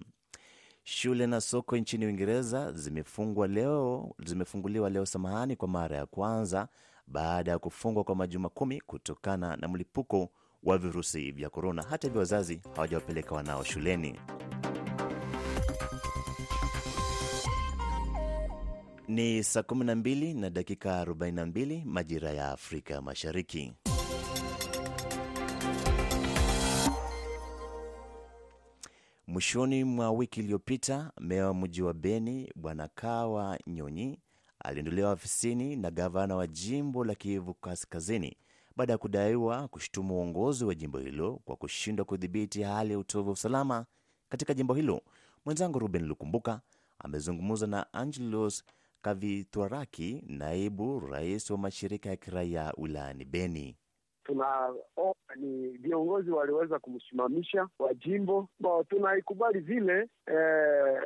Shule na soko nchini Uingereza zimefungwa leo, zimefunguliwa leo samahani, kwa mara ya kwanza baada ya kufungwa kwa majuma kumi kutokana na mlipuko wa virusi vya korona. Hata hivyo, wazazi hawajawapeleka wanao shuleni. Ni saa 12 na dakika 42 majira ya Afrika Mashariki. Mwishoni mwa wiki iliyopita, meya wa mji wa Beni Bwana Kawa Nyonyi aliondolewa ofisini na gavana wa jimbo la Kivu Kaskazini baada ya kudaiwa kushutumu uongozi wa jimbo hilo kwa kushindwa kudhibiti hali ya utovu wa usalama katika jimbo hilo. Mwenzangu Ruben Lukumbuka amezungumza na Angelos Kavithwaraki, naibu rais wa mashirika ya kiraia wilayani Beni tunaomba ni viongozi waliweza kumsimamisha wa jimbo tunaikubali vile eh,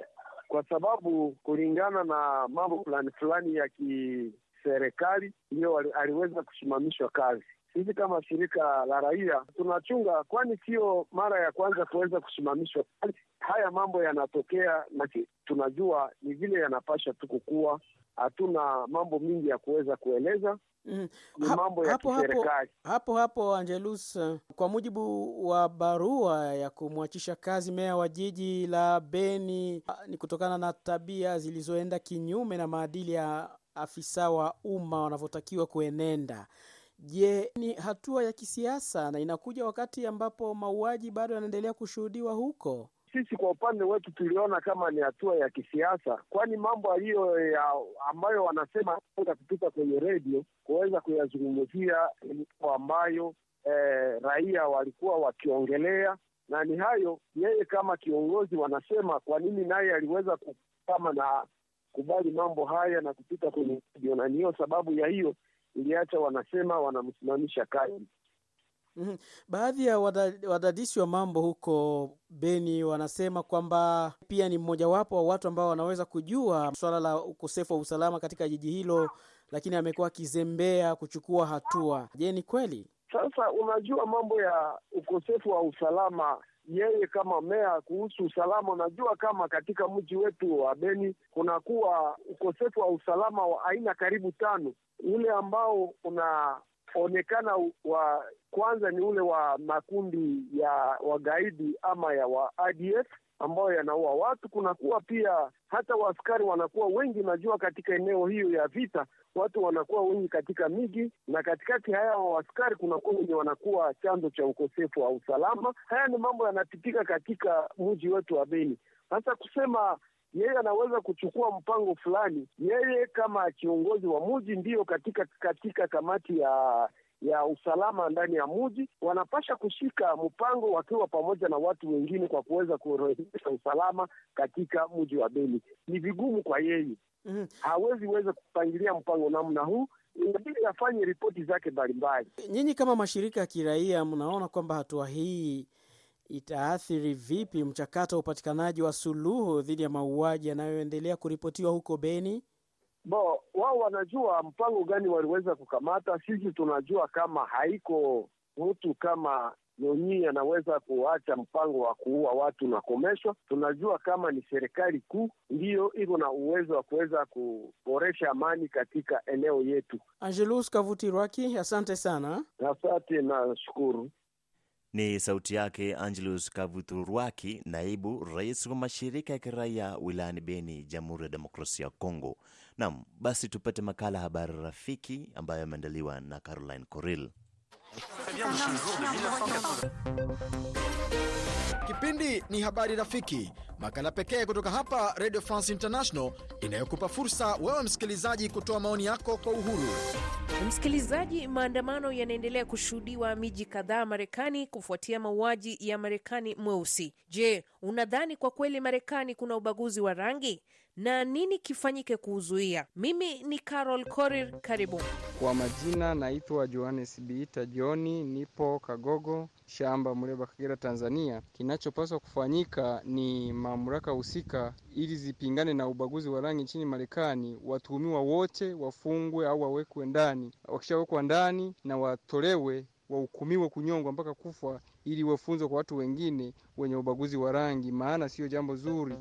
kwa sababu kulingana na mambo fulani fulani ya kiserikali ndiyo aliweza kusimamishwa kazi. Sisi kama shirika la raia tunachunga, kwani sio mara ya kwanza kuweza kusimamishwa kazi. Haya mambo yanatokea na tunajua ni vile yanapasha tu kukuwa. Hatuna mambo mingi ya kuweza kueleza Mm. mambo ya hapo, hapo, hapo hapo. Angelus, uh, kwa mujibu wa barua ya kumwachisha kazi meya wa jiji la Beni, uh, ni kutokana na tabia zilizoenda kinyume na maadili ya afisa wa umma wanavyotakiwa kuenenda. Je, ni hatua ya kisiasa na inakuja wakati ambapo mauaji bado yanaendelea kushuhudiwa huko? sisi kwa upande wetu tuliona kama ni hatua ya kisiasa, kwani mambo aliyo eh, ambayo wanasema kupita kwenye redio kuweza kuyazungumzia mambo ambayo eh, raia walikuwa wakiongelea, na ni hayo yeye kama kiongozi wanasema, kwa nini naye aliweza kukama na kubali mambo haya na kupita kwenye redio, na niyo sababu ya hiyo iliacha wanasema wanamsimamisha kazi. Mhm. Baadhi ya wadadisi wa mambo huko Beni wanasema kwamba pia ni mmojawapo wa watu ambao wanaweza kujua swala la ukosefu wa usalama katika jiji hilo, lakini amekuwa akizembea kuchukua hatua. Je, ni kweli? Sasa unajua mambo ya ukosefu wa usalama yeye kama mea kuhusu usalama, unajua kama katika mji wetu wa Beni kunakuwa ukosefu wa usalama wa aina karibu tano, ule ambao una onekana wa kwanza ni ule wa makundi ya wagaidi ama ya wa IDF ambayo yanaua watu. Kunakuwa pia hata waaskari wanakuwa wengi, najua katika eneo hiyo ya vita watu wanakuwa wengi katika miji, na katikati haya waaskari kunakuwa wenye wanakuwa chanzo cha ukosefu wa usalama. Haya ni mambo yanapitika katika mji wetu wa Beni. Sasa kusema yeye anaweza kuchukua mpango fulani, yeye kama kiongozi wa muji, ndiyo katika katika kamati ya ya usalama ndani ya muji wanapasha kushika mpango wakiwa pamoja na watu wengine kwa kuweza kurohesha usalama katika mji wa Beni. Ni vigumu kwa yeye, mm-hmm. hawezi weza kupangilia mpango namna huu, inabidi afanye ripoti zake mbalimbali. Nyinyi kama mashirika ya kiraia, mnaona kwamba hatua hii itaathiri vipi mchakato wa upatikanaji wa suluhu dhidi ya mauaji yanayoendelea kuripotiwa huko Beni? Bo, wao wanajua mpango gani waliweza kukamata. Sisi tunajua kama haiko mtu kama Nyonyi anaweza kuacha mpango wa kuua watu na komeshwa. Tunajua kama ni serikali kuu ndiyo iko na uwezo wa kuweza kuboresha amani katika eneo yetu. Angelus Kavuti Rwaki, asante sana. Asante na shukuru. Ni sauti yake Angelus Kavuturwaki, naibu rais wa mashirika ya kiraia wilayani Beni, Jamhuri ya Demokrasia ya Kongo. Nam, basi tupate makala Habari Rafiki ambayo yameandaliwa na Caroline Coril. Kipindi ni Habari Rafiki, makala pekee kutoka hapa Radio France International inayokupa fursa wewe msikilizaji kutoa maoni yako kwa uhuru. Msikilizaji, maandamano yanaendelea kushuhudiwa miji kadhaa Marekani kufuatia mauaji ya Marekani mweusi. Je, unadhani kwa kweli Marekani kuna ubaguzi wa rangi? na nini kifanyike kuzuia? Mimi ni Carol Korir, karibu. Kwa majina naitwa Johannes Biita Joni, nipo Kagogo shamba Mureba, Kagera, Tanzania. Kinachopaswa kufanyika ni mamlaka husika, ili zipingane na ubaguzi wa rangi nchini Marekani. Watuhumiwa wote wafungwe au wawekwe ndani, wakishawekwa ndani na watolewe wahukumiwe kunyongwa mpaka kufa ili wafunzwe kwa watu wengine wenye ubaguzi wa rangi, maana sio jambo zuri.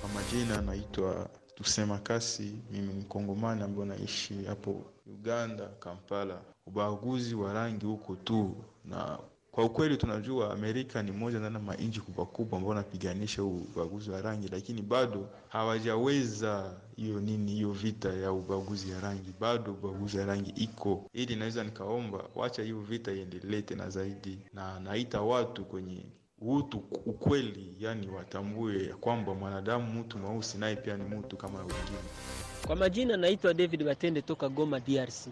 Kwa majina anaitwa Tusema Kasi, mimi Mkongomani ambaye naishi hapo Uganda, Kampala. Ubaguzi wa rangi huko tu na kwa ukweli tunajua Amerika ni moja ndani ya nchi kubwa kubwa ambao wanapiganisha ubaguzi wa rangi, lakini bado hawajaweza hiyo nini hiyo vita ya ubaguzi ya rangi, bado ubaguzi ya rangi iko. Ili naweza nikaomba wacha hiyo vita iendelee tena zaidi, na naita watu kwenye utu, ukweli, yani watambue kwamba mwanadamu mtu mweusi naye pia ni mtu kama wengine. Kwa majina naitwa David Batende toka Goma, DRC.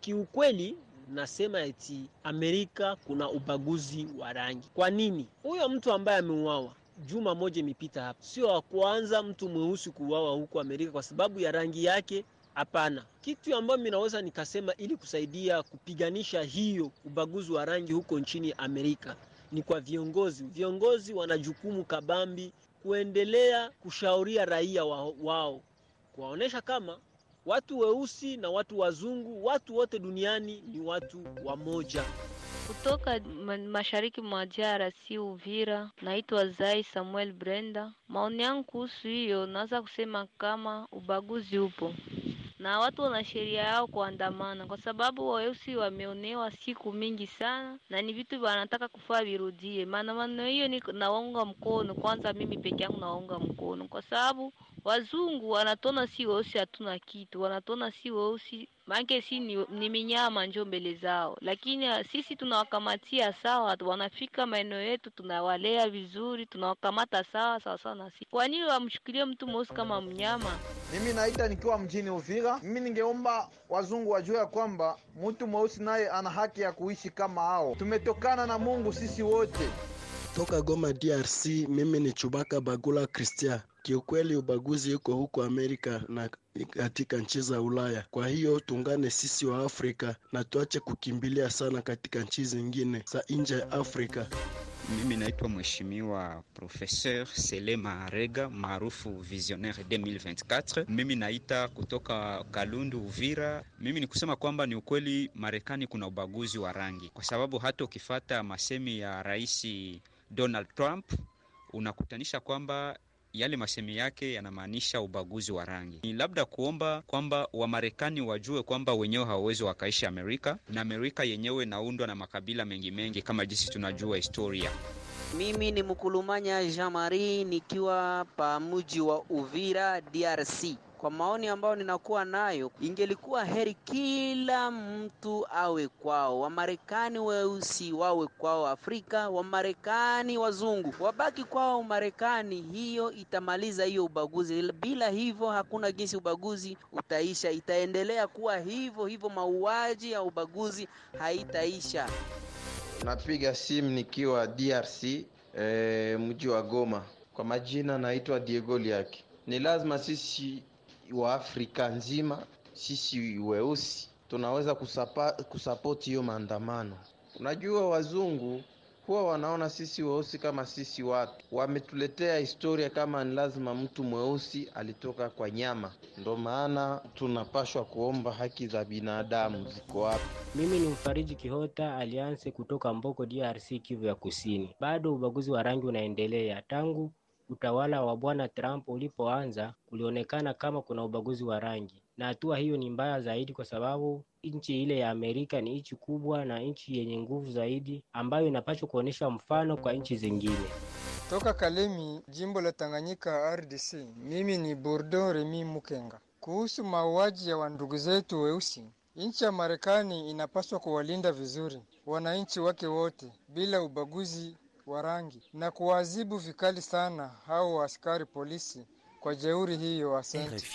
Kiukweli nasema eti Amerika kuna ubaguzi wa rangi. Kwa nini? Huyo mtu ambaye ameuawa juma moja imepita hapa, sio wa kwanza mtu mweusi kuuawa huko Amerika kwa sababu ya rangi yake. Hapana, kitu ambayo minaweza nikasema ili kusaidia kupiganisha hiyo ubaguzi wa rangi huko nchini Amerika ni kwa viongozi. Viongozi wana jukumu kabambi kuendelea kushauria raia wao, wao kuwaonesha kama Watu weusi na watu wazungu, watu wote duniani ni watu wamoja. Kutoka mashariki mwa DRC Uvira, naitwa Zai Samuel Brenda. Maoni yangu kuhusu hiyo, naweza kusema kama ubaguzi upo na watu wana sheria yao kuandamana, kwa sababu weusi wameonewa siku mingi sana, na ni vitu wanataka kufaa virudie. Maandamano hiyo ni nawaunga mkono, kwanza mimi peke yangu nawaunga mkono kwa sababu Wazungu wanatona si weusi, hatuna kitu, wanatona si weusi manke si ni, ni minyama njo mbele zao, lakini ah, sisi tunawakamatia sawa. Wanafika maeneo yetu, tunawalea vizuri, tunawakamata sawa sawa sawa na sisi. Kwa nini wamshikilie mtu mweusi kama mnyama? Mimi naita nikiwa mjini Uvira. Mimi ningeomba wazungu wajue ya kwamba mtu mweusi naye ana haki ya kuishi kama hao. Tumetokana na Mungu sisi wote. Toka Goma, DRC, mimi ni Chubaka Bagula Christian. Kiukweli ubaguzi uko huko Amerika na katika nchi za Ulaya. Kwa hiyo tuungane sisi wa Afrika na tuache kukimbilia sana katika nchi zingine za nje ya Afrika. Mimi naitwa Mheshimiwa Professeur Selema Rega maarufu Visionnaire 2024. Mimi naita kutoka Kalundu Uvira. Mimi ni kusema kwamba ni ukweli Marekani kuna ubaguzi wa rangi, kwa sababu hata ukifata masemi ya Rais Donald Trump unakutanisha kwamba yale masemi yake yanamaanisha ubaguzi wa rangi. Ni labda kuomba kwamba Wamarekani wajue kwamba wenyewe hawawezi wakaishi Amerika, na Amerika yenyewe inaundwa na makabila mengi mengi kama jinsi tunajua historia. Mimi ni Mkulumanya Jean Marie nikiwa pa mji wa Uvira, DRC. Kwa maoni ambayo ninakuwa nayo, ingelikuwa heri kila mtu awe kwao, Wamarekani weusi wawe kwao Afrika, Wamarekani wazungu wabaki kwao Marekani. Hiyo itamaliza hiyo ubaguzi. Bila hivyo, hakuna jinsi ubaguzi utaisha, itaendelea kuwa hivyo hivyo, mauaji ya ubaguzi haitaisha. Napiga simu nikiwa DRC, e, eh, mji wa Goma. Kwa majina naitwa Diego Liaki. Ni lazima sisi wa Afrika nzima, sisi weusi tunaweza kusapoti hiyo maandamano. Unajua, wazungu huwa wanaona sisi weusi kama sisi watu, wametuletea historia kama ni lazima mtu mweusi alitoka kwa nyama. Ndo maana tunapashwa kuomba haki za binadamu ziko wapi? Mimi ni Mfariji Kihota Alianse kutoka Mboko, DRC, Kivu ya Kusini. Bado ubaguzi wa rangi unaendelea tangu Utawala wa Bwana Trump ulipoanza kulionekana kama kuna ubaguzi wa rangi, na hatua hiyo ni mbaya zaidi kwa sababu nchi ile ya Amerika ni nchi kubwa na nchi yenye nguvu zaidi ambayo inapaswa kuonyesha mfano kwa nchi zingine. Toka Kalemi, jimbo la Tanganyika, RDC. Mimi ni Bordo Remi Mukenga. Kuhusu mauaji ya wandugu zetu weusi, nchi ya Marekani inapaswa kuwalinda vizuri wananchi wake wote bila ubaguzi wa rangi na kuwaadhibu vikali sana hao askari polisi kwa jeuri hiyo. Asante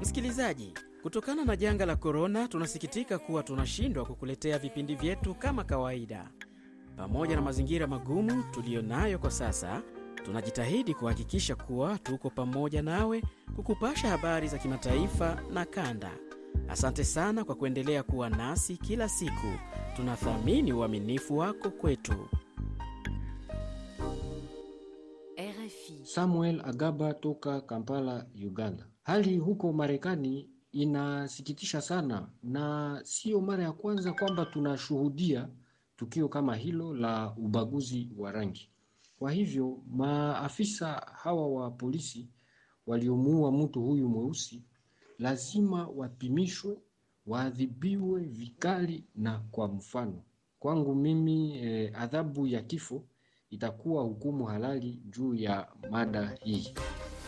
msikilizaji. Kutokana na janga la korona, tunasikitika kuwa tunashindwa kukuletea vipindi vyetu kama kawaida. Pamoja na mazingira magumu tuliyo nayo kwa sasa, tunajitahidi kuhakikisha kuwa tuko pamoja nawe kukupasha habari za kimataifa na kanda. Asante sana kwa kuendelea kuwa nasi kila siku. Tunathamini uaminifu wako kwetu. Samuel Agaba toka Kampala, Uganda. Hali huko Marekani inasikitisha sana na sio mara ya kwanza kwamba tunashuhudia tukio kama hilo la ubaguzi wa rangi. Kwa hivyo maafisa hawa wa polisi waliomuua mtu huyu mweusi lazima wapimishwe, waadhibiwe vikali na kwa mfano. Kwangu mimi eh, adhabu ya kifo itakuwa hukumu halali juu ya mada hii.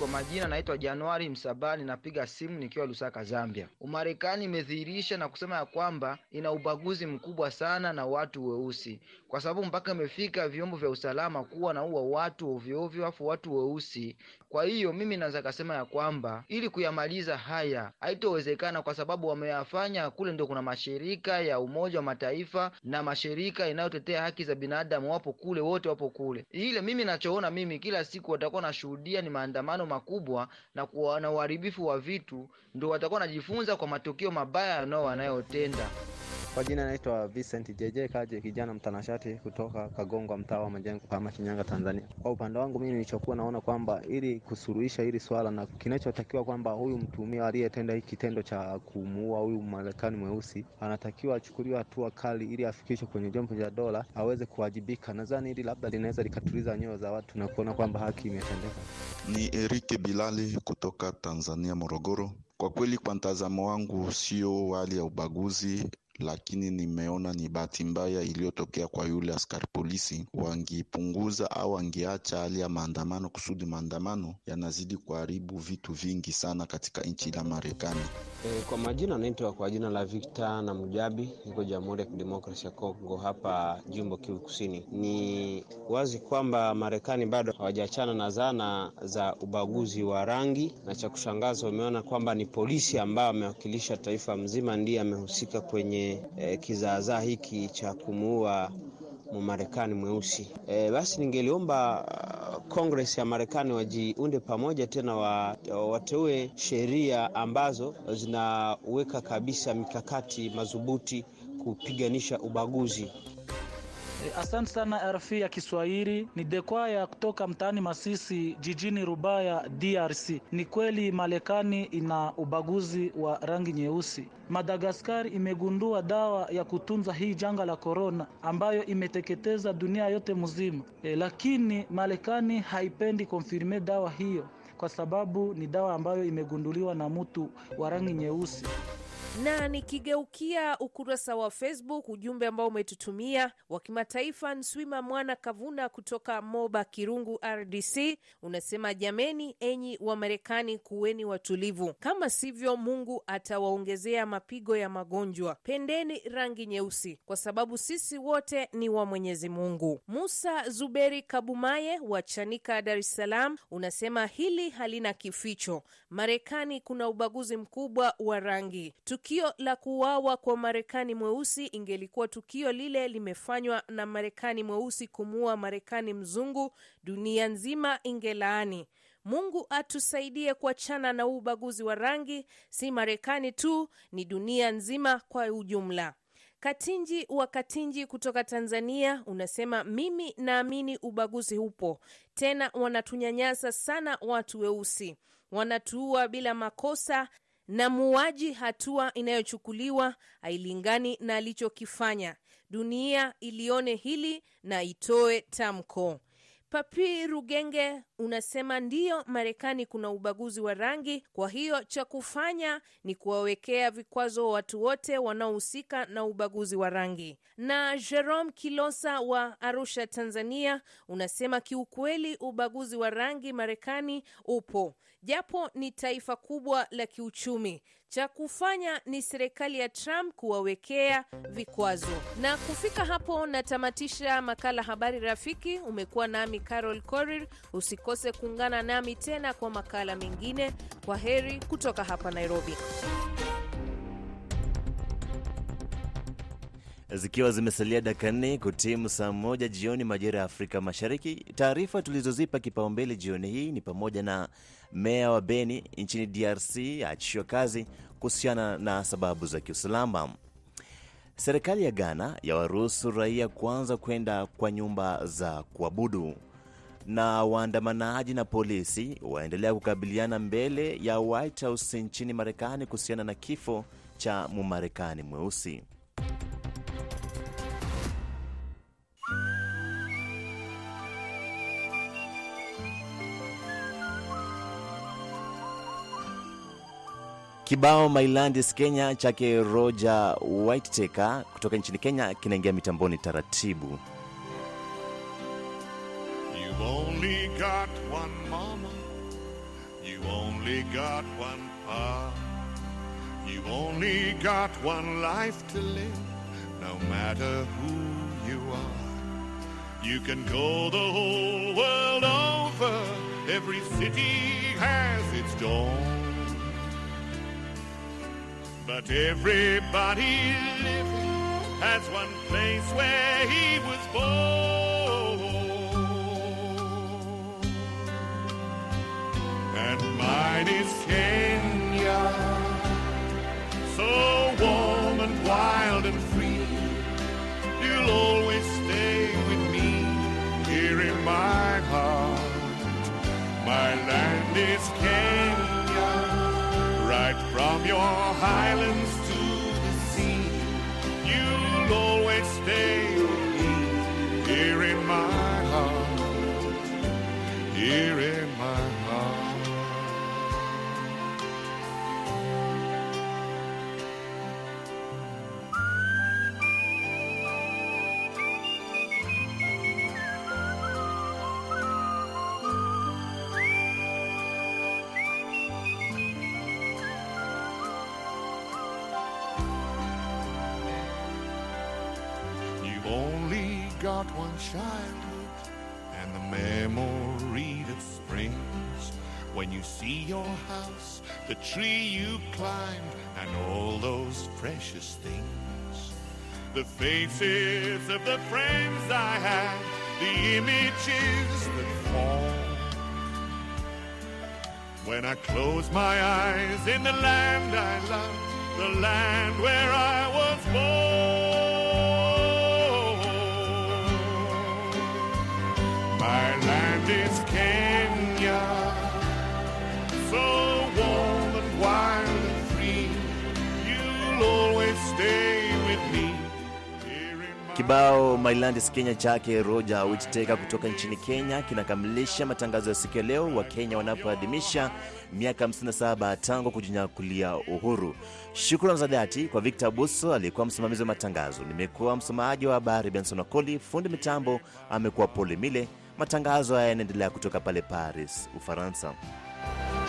Kwa majina naitwa Januari Msabani, napiga simu nikiwa Lusaka, Zambia. Umarekani imedhihirisha na kusema ya kwamba ina ubaguzi mkubwa sana na watu weusi, kwa sababu mpaka imefika vyombo vya usalama kuwa naua watu ovyoovyo, afu watu weusi. Kwa hiyo mimi naweza kasema ya kwamba ili kuyamaliza haya haitowezekana, kwa sababu wameyafanya kule, ndio kuna mashirika ya Umoja wa Mataifa na mashirika inayotetea haki za binadamu, wapo kule, wote wapo kule. Ile mimi nachoona mimi, kila siku watakuwa nashuhudia ni maandamano makubwa na kuwa uharibifu wa vitu, ndio watakuwa wanajifunza kwa matukio mabaya wanayotenda. Kwa jina naitwa Vincent JJ Kaje, kijana mtanashati kutoka Kagongwa, mtaa wa Majengo, kama Shinyanga, Tanzania. Kwa upande wangu mimi nilichokuwa naona kwamba ili kusuluhisha hili swala na kinachotakiwa kwamba huyu mtumia aliyetenda hiki kitendo cha kumuua huyu Marekani mweusi anatakiwa achukuliwe hatua kali ili afikishwe kwenye jombo cha dola aweze kuwajibika. Nadhani hili labda linaweza likatuliza nyoyo za watu na kuona kwamba haki imetendeka. Ni Erike Bilali kutoka Tanzania, Morogoro. Kwa kweli, kwa mtazamo wangu, sio hali ya ubaguzi lakini nimeona ni bahati mbaya iliyotokea kwa yule askari polisi. Wangipunguza au wangeacha hali ya maandamano, kusudi maandamano yanazidi kuharibu vitu vingi sana katika nchi la Marekani. E, kwa majina naitwa kwa jina la Victor na Mjabi, niko Jamhuri ya Kidemokrasia ya Kongo, hapa jimbo Kivu Kusini. Ni wazi kwamba Marekani bado hawajaachana na zana za ubaguzi wa rangi, na cha kushangaza umeona kwamba ni polisi ambao amewakilisha taifa mzima ndiye amehusika kwenye e, kizaazaa hiki cha kumuua Mmarekani mweusi. E, basi ningeliomba kongres uh, ya Marekani wajiunde pamoja tena wa, wateue sheria ambazo zinaweka kabisa mikakati madhubuti kupiganisha ubaguzi. Asante sana RF ya Kiswahili, ni Dekwaya kutoka mtaani Masisi jijini Rubaya, DRC. Ni kweli Marekani ina ubaguzi wa rangi nyeusi. Madagaskari imegundua dawa ya kutunza hii janga la korona ambayo imeteketeza dunia yote mzima. E, lakini Marekani haipendi konfirme dawa hiyo kwa sababu ni dawa ambayo imegunduliwa na mtu wa rangi nyeusi na nikigeukia ukurasa wa Facebook, ujumbe ambao umetutumia wa kimataifa, Nswima Mwana Kavuna kutoka Moba Kirungu, RDC, unasema jameni, enyi wa Marekani, kuweni watulivu, kama sivyo Mungu atawaongezea mapigo ya magonjwa. Pendeni rangi nyeusi, kwa sababu sisi wote ni wa Mwenyezi Mungu. Musa Zuberi Kabumaye wa Chanika, Dar es Salaam, unasema hili halina kificho, Marekani kuna ubaguzi mkubwa wa rangi Tuk Tukio la kuuawa kwa Marekani mweusi ingelikuwa tukio lile limefanywa na Marekani mweusi kumuua Marekani mzungu, dunia nzima ingelaani. Mungu atusaidie kuachana na ubaguzi wa rangi, si Marekani tu, ni dunia nzima kwa ujumla. Katinji wa Katinji kutoka Tanzania unasema mimi naamini ubaguzi upo tena, wanatunyanyasa sana watu weusi, wanatuua bila makosa na muuaji, hatua inayochukuliwa hailingani na alichokifanya. Dunia ilione hili na itoe tamko. Papi Rugenge unasema ndiyo, Marekani kuna ubaguzi wa rangi, kwa hiyo cha kufanya ni kuwawekea vikwazo watu wote wanaohusika na ubaguzi wa rangi. Na Jerome Kilosa wa Arusha, Tanzania, unasema kiukweli ubaguzi wa rangi Marekani upo, japo ni taifa kubwa la kiuchumi. Cha kufanya ni serikali ya Trump kuwawekea vikwazo. Na kufika hapo natamatisha makala Habari Rafiki. Umekuwa nami Carol corir Usikose kuungana nami tena kwa makala mengine. Kwa heri kutoka hapa Nairobi. zikiwa zimesalia dakika nne kutimu saa moja jioni majira ya Afrika Mashariki. Taarifa tulizozipa kipaumbele jioni hii ni pamoja na meya wa Beni nchini DRC aachishwa kazi kuhusiana na sababu za kiusalama. Serikali ya Ghana yawaruhusu raia kuanza kwenda kwa nyumba za kuabudu, na waandamanaji na polisi waendelea kukabiliana mbele ya White House nchini Marekani kuhusiana na kifo cha Mumarekani mweusi. Kibao My Kenya chake Roger Whittaker kutoka nchini Kenya kinaingia mitamboni taratibu. You've only got one mama, you only got one pa, you only got one life to live, no matter who you are. You can go the whole world over, every city has its dawn. But everybody living has one place where he was born. And mine is Kenya, so warm and wild and free. You'll always stay with me here in my heart. My land is Kenya. From your highlands to the sea, you'll always stay. childhood and the memory that springs when you see your house, the tree you climbed, and all those precious things. The faces of the friends I had, the images that fall. When I close my eyes in the land I love, the land where I was born. My land is Kenya, so warm and wild and free. You'll always stay with me. Kibao My Land is Kenya chake Roger Whittaker kutoka nchini Kenya kinakamilisha matangazo ya siku ya leo, Wakenya wanapoadhimisha miaka 57 tangu kujinyakulia uhuru. Shukrani za dhati kwa Victor Buso aliyekuwa msimamizi wa matangazo. Nimekuwa msomaji wa habari Benson Wakoli, fundi mitambo amekuwa Pole Mile. Matangazo haya yanaendelea kutoka pale Paris, Ufaransa.